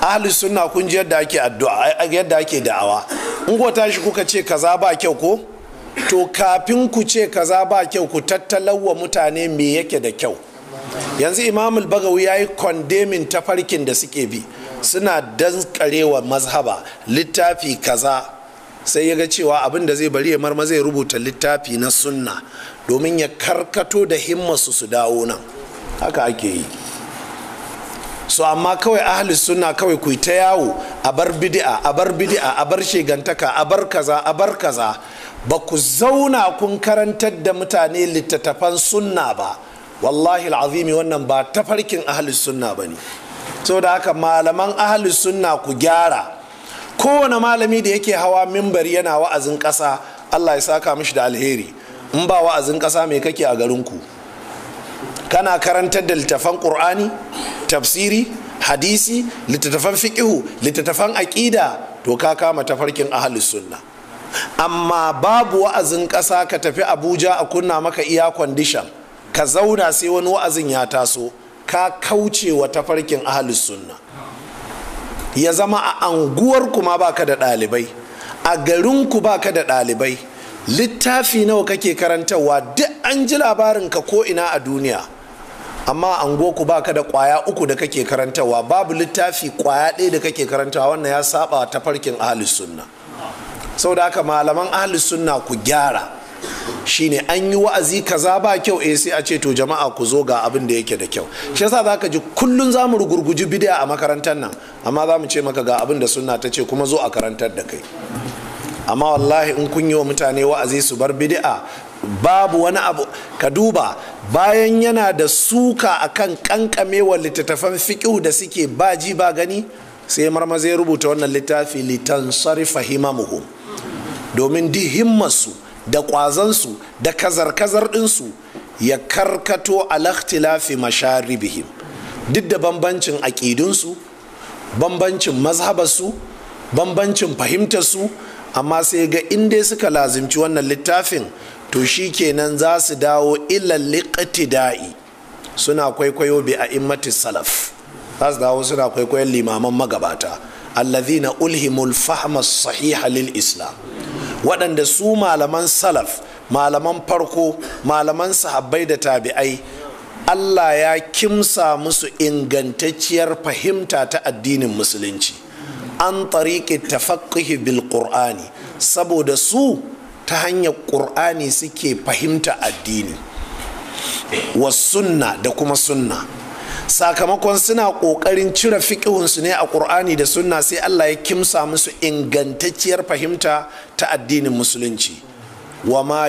ahli sunna kun ji yadda ake addu'a yadda ake da'awa in ko tashi kuka ce kaza ba kyau ko to kafin ku ce kaza ba kyau ku tattalawa mutane me yake da kyau yanzu imamul bagawi ya yi kondemin farkin da suke bi suna dankarewa mazhaba littafi kaza sai ya ga cewa abin da zai bari ya marma zai rubuta littafi na sunna domin ya karkato da himmasu su dawo nan haka ake yi so amma kawai ahli suna kawai ku ta yawo a bar bid'a a bar bid'a a bar shegantaka a bar kaza a bar kaza ba ku zauna kun karantar da mutane littattafan sunna ba wallahi al'azimi wannan ba tafarkin ahli sunna ba ne saboda haka malaman ahli sunna ku gyara kowane malami da yake hawa mimbari yana wa'azin kasa allah ya saka mishi da alheri in ba wa'azin kasa mai kake a garinku kana karantar da littafan ƙur'ani tafsiri hadisi littattafan fiƙihu littattafan aƙida to ka kama tafarkin ahli sunna amma babu wa'azin ƙasa ka tafi abuja a kunna maka iya kwandishan ka zauna sai wani wa'azin ya taso ka kauce wa farkin ahli sunna ya zama a anguwar kuma baka da ɗalibai a garin ku baka da ɗalibai littafi nawa kake karantarwa duk an ji labarin ka ko ina a duniya amma angoku ka da kwaya uku da kake karantawa babu littafi kwaya ɗaya da kake karantawa wannan ya saba ta farkin ahlus sunna Sau da aka malaman ahli sunna ku gyara shine an yi wa'azi kaza ba kyau eh sai a ce to jama'a ku zo ga abin da yake da kyau shi yasa zaka ji kullun zamu rugurguji bid'a a makarantar nan amma zamu ce maka ga abin da sunna ta ce kuma zo a karantar da kai amma wallahi in kun yi wa mutane wa'azi su bar bid'a babu wani abu ka duba bayan yana da suka akan kankamewa littattafan fiƙihu da suke ba ji ba gani sai marma zai rubuta wannan littafi litan sarifa himamuhu domin di su, da ƙwazansu da kazar-kazar ɗinsu ya karkato alaktilafi masharibihim duk da bambancin aƙidunsu bambancin mazhabarsu bambancin fahimtarsu amma sai ga inda suka lazimci wannan littafin to shi kenan za su dawo ilal da'i suna kwaikwayo bi immatis salaf za su dawo suna kwaikwayon limaman magabata allazina ulhimul fahma sahiha lil islam waɗanda su malaman salaf malaman farko malaman sahabbai da tabi'ai Allah ya kimsa musu ingantacciyar fahimta ta addinin musulunci an tariƙi tafakkihi bil qur'ani saboda su ta hanyar ƙur'ani suke fahimta addini wa sunna da kuma sunna sakamakon suna ƙoƙarin cire fiƙihunsu ne a ƙur'ani da sunna sai allah ya kimsa musu ingantacciyar fahimta ta addinin musulunci wa ma